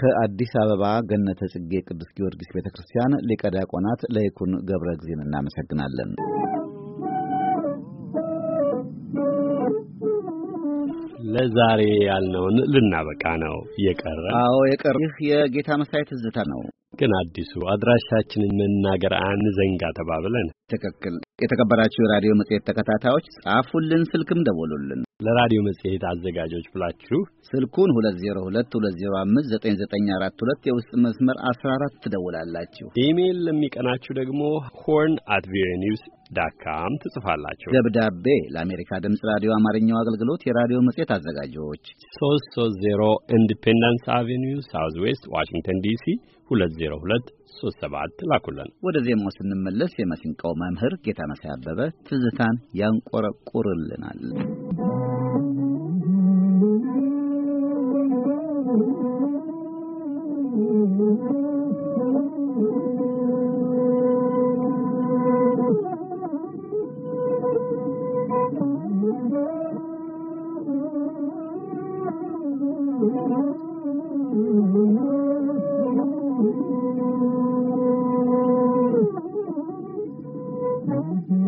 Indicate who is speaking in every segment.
Speaker 1: ከአዲስ አበባ ገነተ ጽጌ ቅዱስ ጊዮርጊስ ቤተ ክርስቲያን ሊቀ ዲያቆናት ለይኩን ገብረ ጊዜን እናመሰግናለን። ለዛሬ ያልነውን ልናበቃ ነው። የቀረ አዎ፣ የቀረ ይህ የጌታ መሳይ ትዝታ ነው። ግን አዲሱ አድራሻችንን መናገር አንዘንጋ ተባብለን ትክክል። የተከበራችሁ የራዲዮ መጽሔት ተከታታዮች ጻፉልን፣ ስልክም ደወሉልን። ለራዲዮ መጽሔት አዘጋጆች ብላችሁ ስልኩን 2022059942 የውስጥ መስመር 14 ትደውላላችሁ። ኢሜይል ለሚቀናችሁ ደግሞ ሆርን አት ቪኦኤ ኒውስ ካም ትጽፋላችሁ። ደብዳቤ ለአሜሪካ ድምፅ ራዲዮ አማርኛው አገልግሎት የራዲዮ መጽሔት አዘጋጆች 330 ኢንዲፔንደንስ አቬኒው ሳውዝ ዌስት ዋሽንግተን ዲሲ 202 ሶስት ሰባት ላኩልን። ወደ ዜማው ስንመለስ የማሲንቆ መምህር ጌታመሳይ አበበ ትዝታን ያንቆረቁርልናል።
Speaker 2: Thank you.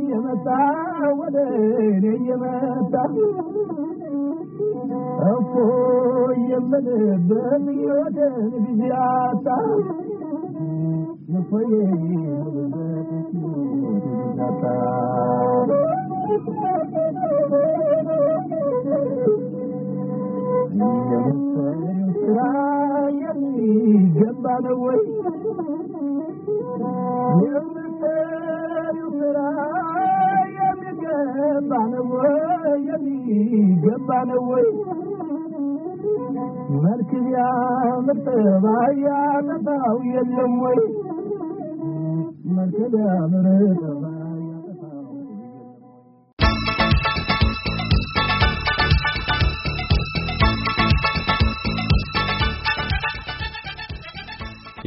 Speaker 2: እየመጣ ወደ እኔ እየመጣ እፎ የምልበት ሕይወትን ጊዜ አጣ ንፎዬ አጣ ስራ የሚገባ ነው ወይ የምትሰሪው ስራ ገባ ነው ወይ መልክ ቢያምር ጠባይ ያጠፋው የለም ወይ መልክ ቢያምር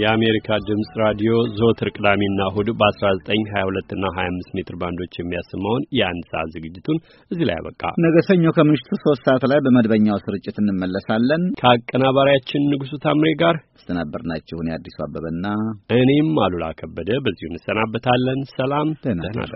Speaker 1: የአሜሪካ ድምፅ ራዲዮ ዘወትር ቅዳሜና እሁድ በ1922 እና 25 ሜትር ባንዶች የሚያሰማውን የአንድ ሰዓት ዝግጅቱን እዚህ ላይ ያበቃ። ነገ ሰኞ ከምሽቱ ሶስት ሰዓት ላይ በመድበኛው ስርጭት እንመለሳለን። ከአቀናባሪያችን ንጉሱ ታምሬ ጋር ያስተናበርናችሁን የአዲሱ አበበና እኔም አሉላ ከበደ በዚሁ እንሰናበታለን። ሰላም፣ ደህና